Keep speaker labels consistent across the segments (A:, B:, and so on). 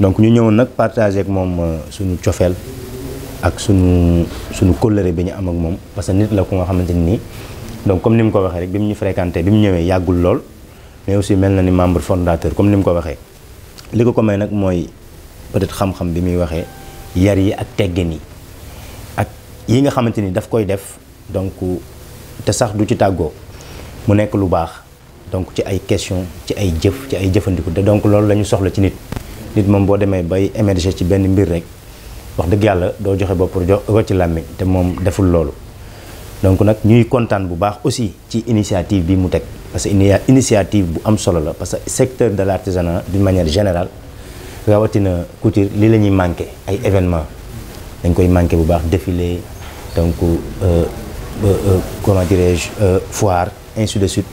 A: donc ñu ñëwoon nag partagé ak moom euh, suñu cofeel ak suñu suñu kóllëre bi ñu am ak moom parce que nit la ku nga xamante ni donc comme ni mu ko waxee rek bi mu ñu fréquenté bi mu ñëwee yàggul lool mais aussi mel na ni membre fondateur comme ni mu ko waxee li ko ko may nag mooy peut-être xam-xam bi muy waxee yar yi ak teggin yi ak yi nga xamante ni daf koy def donc te sax du ci tàggoo mu nekk lu baax donc ci ay question ci ay jëf ci ay jëfandiku te donc loolu la ñu soxla ci nit nit mom bo demee bay émerger ci benn mbir rek wax deug yalla do joxe bopp pour jox ci lami te mom deful lolu donc nak ñuy contane bu baax aussi ci initiative bi mu tek parce que initiative bu am solo la parce que secteur de l'artisanat d'une manière générale rawatina couture li lañuy ñuy manqué ay événements dañ koy manqué bu baax défilé donc euh, euh, euh comment dirais-je euh, foire ainsi de suite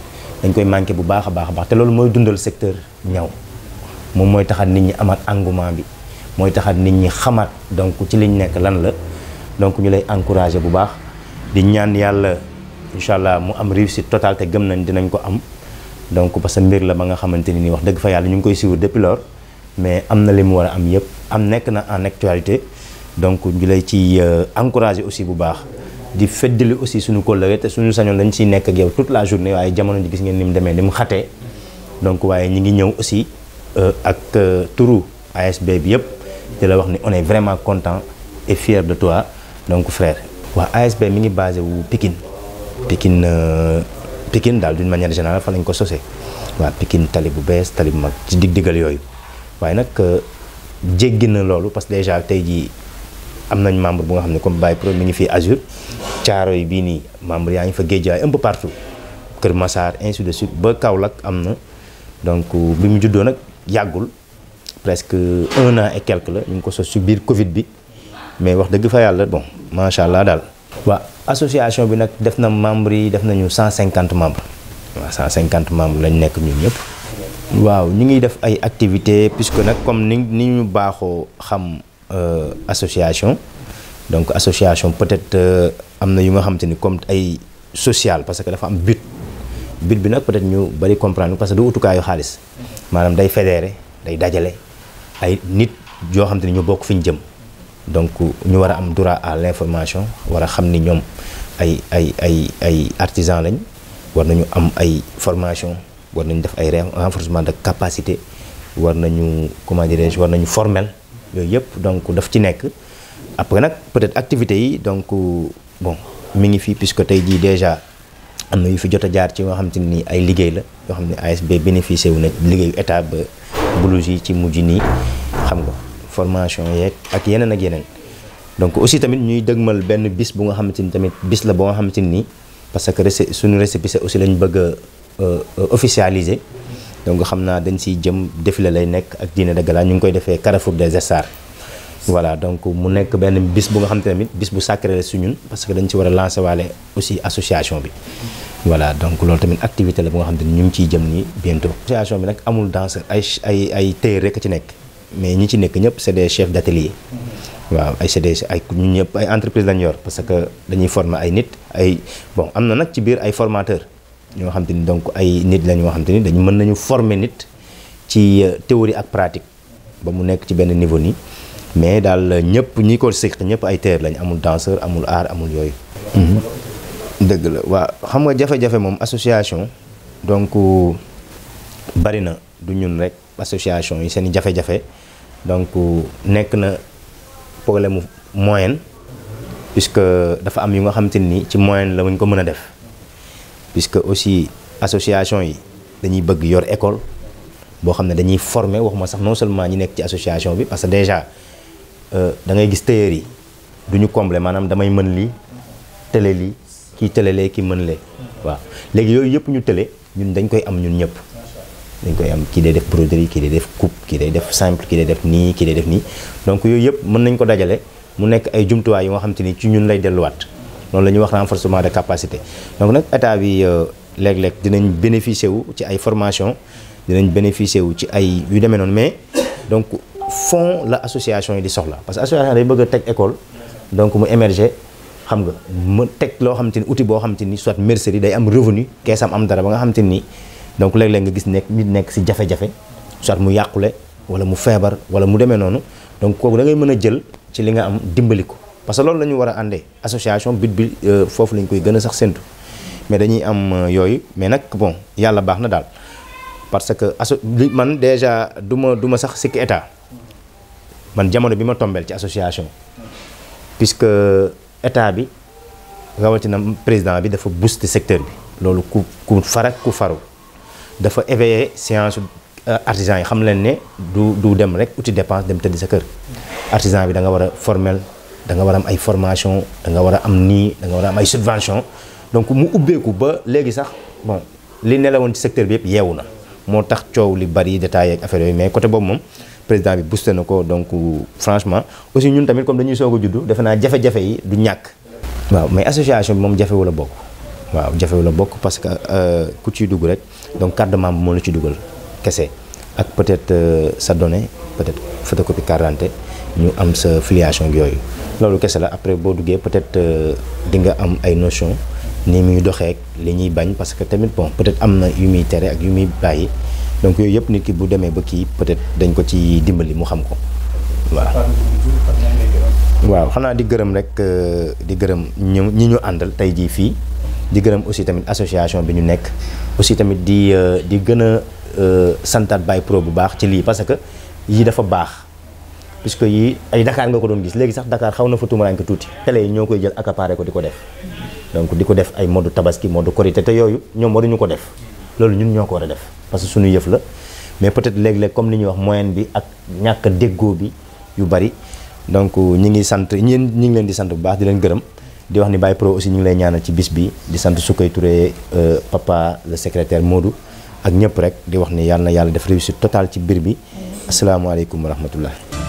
A: dañ koy manqué bu baax baax baax te lolu moy dundal secteur ñaw mom moy taxat nit ñi amat engouement bi moy taxat nit ñi xamat donc ci liñ nek lan la donc ñu lay encourager bu baax di ñaan yalla inshallah mu am réussite totale te gëm nañ dinañ ko am donc parce que mbir la ba nga xamanteni ni wax dëgg fa yalla ñu ngi koy suivre depuis lors mais am na wara am yépp am nek na en actualité donc ñu lay ci euh, encourager aussi bu baax di feddali aussi suñu kóllëre te suñu sañon dañ ci nek ak yow toute la journée waye jamono ji gis ngeen nim mu nim xaté donc waye ñi ngi ñëw aussi Euh, ak euh, turu ASB bi yëpp di la wax ni on est vraiment content et fier de toi donc frère. waa ASB mi ngi base wu Pikine Pikine euh, Pikine daal d'une manière générale fa lañ ko sosee waa Pikine tali bu bees tali bu mag ci dig-digal yooyu waaye nag jéggi na loolu parce que déjà tey jii am nañu membre bu nga xam ne kon Baye Pro mi ngi fi Azur caaro yi bii nii membre yaa ngi fa géej waay un peu partout Kër Massar ainsi de suite ba Kaolack am na donc bi mu juddoo nag. Yagul, presque un an et quelques, la ñu subi ko Covid bi mais wax dëgg fa yàlla bon machallah L'association a waaw association bi nag def membres yi membres 150 membres lañ nekk ñun ñëpp. waaw ñu ngi def ay activités puisque nag comme ni ni euh, association donc association peut-être euh, am yu nga xam comme social parce que dafa am but but bi nak peut-être ñu bari comprendre parce que du utukaayu xaliss maanaam day fédéré day dajale ay nit joo xam te ni ñu bokk fi ñu jëm donc ñu war a am droit à l'information war a xam ni ñoom ay ay ay ay artisan lañ war nañu am ay formation war nañu def ay renforcement de capacité war nañu comment dirais-je war nañu formel yooyu yëpp donc daf ci nekk après nag peut-être activités yi donc bon mu ngi fi puisque tey jii déjà am na yu fi jot a jaar ci yoo xam te ni ay liggéey la yoo xam ne ASB bénéficié wu na liggéeyu état ba blouse yi ci mujj nii xam nga formation yeeg ak yeneen ak yeneen. donc aussi tamit ñuy dëgmal benn bis bu nga xamante ni tamit bis la boo xamante ni parce que suñu récépissé aussi lañ bëgg a euh, euh, donc xam naa dañ siy jëm défilé lay nekk ak dîner de gala ñu ngi koy defee Carrefour des Stars. voilà donc mu nekk benn bis bu nga xam te tamit bis bu sacré la su ñun parce que dañ ci war a lancer waale aussi association bi. voilà donc loolu tamit activité la bu nga xam ñu ngi ciy jëm ni bientôt. situation bi nak amul danseur ay ay ay tailleur rek ci nekk mais ñi ci nekk ñep c'est des chefs d'atelier. waaw ay c'est des ay ñun ñep ay entreprise lañ yor parce que dañuy former ay nit ay bon amna nak ci biir ay formateurs ñoo xam donc ay nit la ñoo dañu mën nañu former nit ci euh, théorie ak pratique ba mu nekk ci ben niveau ni mais dal ñep ñi ko seq ñep ay tailleur lañ amul danseur amul art amul yoy mm-hmm deug la wa xam nga jafé jafé mom association donc bari na du ñun rek association yi seen jafé jafé donc nekk na problème moyenne moyen puisque dafa am yu nga xamante ci moyen la muñ ko mëna def puisque aussi association yi dañuy bëgg yor école bo xamné dañuy former waxuma sax non seulement ñi nekk ci association bi parce que déjà euh, da ngay gis tailleur yi du combler manam damay mën li télé li qui tëlelee ki mën qui le télé, ñu télé ñun dañ koy am ñun ñëpp dañ am des qui broderie donc mën nañ ko qui mu nekk ay Donc, nga xam qui la renforcement de capacité donc nag état bi euh, les dinañ bénéficier wu formation bénéficier wu ci ay yu mais donc fonds la association yi là parce que l'association, elle bëgg être école donc mu émerger xam nga mu uti loo hamtin ni outil bo xamanteni soit mercerie day am revenu kessam am dara ba nga xamanteni donc leg leg nga gis nek nit nek si jafe-jafe soit mu yàqule wala mu feebar wala mu démé nonou donc kooku da ngay mëna jël ci li nga am dimbaliko parce que loolu lañu wara andé association bit bi euh, fofu lañ koy gëna sax sentu mais dañuy am euh, yoy mais nak bon yalla baax na daal parce que aso man déjà duma duma sax ci état man jamono bima tombel ci association puisque état bi nga na président bi dafa booster secteur bi lolou ku ku farak ku faru dafa éveiller séance euh, artisan yi xam leen ne du du dem rek uti dépense dem tëdd sa kër artisan bi da nga war a formel da nga war a am ay formation da nga war a am nii da nga war a am ay subvention donc mu ubbeeku ba léegi sax bon li nelawoon ci secteur bi yëpp yeewu na moo tax coow li bari détaillé ak affaire yooyu mais côté boobu moom président bi boosté donc franchement aussi ñun tamit comme dañuy soog a juddu na jafé jafé yi du ñak waaw mais association bi moom jafewu la bokk. waaw jafé wala bokk parce que euh, ku ci dugg rek donc carte de membre moo la ci duggal kessé ak peut-être euh, sa donnée peut-être photocopie carte d'identité ñu am sa filiation yooyu. lolu kese la après bo duggee peut-être euh, di nga am ay notion ni muy doxé ak li ñuy bañ parce que tamit bon peut-être am na yu muy ak yu muy donc yooyu yëpp nit ki bu demee ba kii peut-être dañ ko ci dimbali mu xam ko waaw waaw xanaa di gërëm rek euh, di gërëm ñu ñi ñu àndal tey jii fii di gërëm aussi tamit association bi ñu nekk aussi tamit di euh, di gën a euh, santaat Baye Pro bu baax ci lii parce que yii dafa baax puisque yii ay Dakar nga ko doon gis léegi sax Dakar xaw na fa tumuraanke tuuti télé ñoo koy jël accaparé ko di ko def donc di ko def ay mode tabaski mode korité te yooyu ñoom waruñu ko def loolu ñun ñoo ko war a def parce que suñu yëf la mais peut-être léeg comme li ñuy wax moyen bi ak ñàkk a bi yu bari donc ñi ngi sant ñeen ñi ngi leen di sant bu baax di leen gërëm di wax ni Baye Pro aussi ñu ngi lay ñaanal ci bis bi di sant Soukeye Touré euh, papa le secrétaire Modou ak ñëpp rek di wax ni yàlla na yàlla def réussite totale ci biir bi asalaamaaleykum wa rahmatullah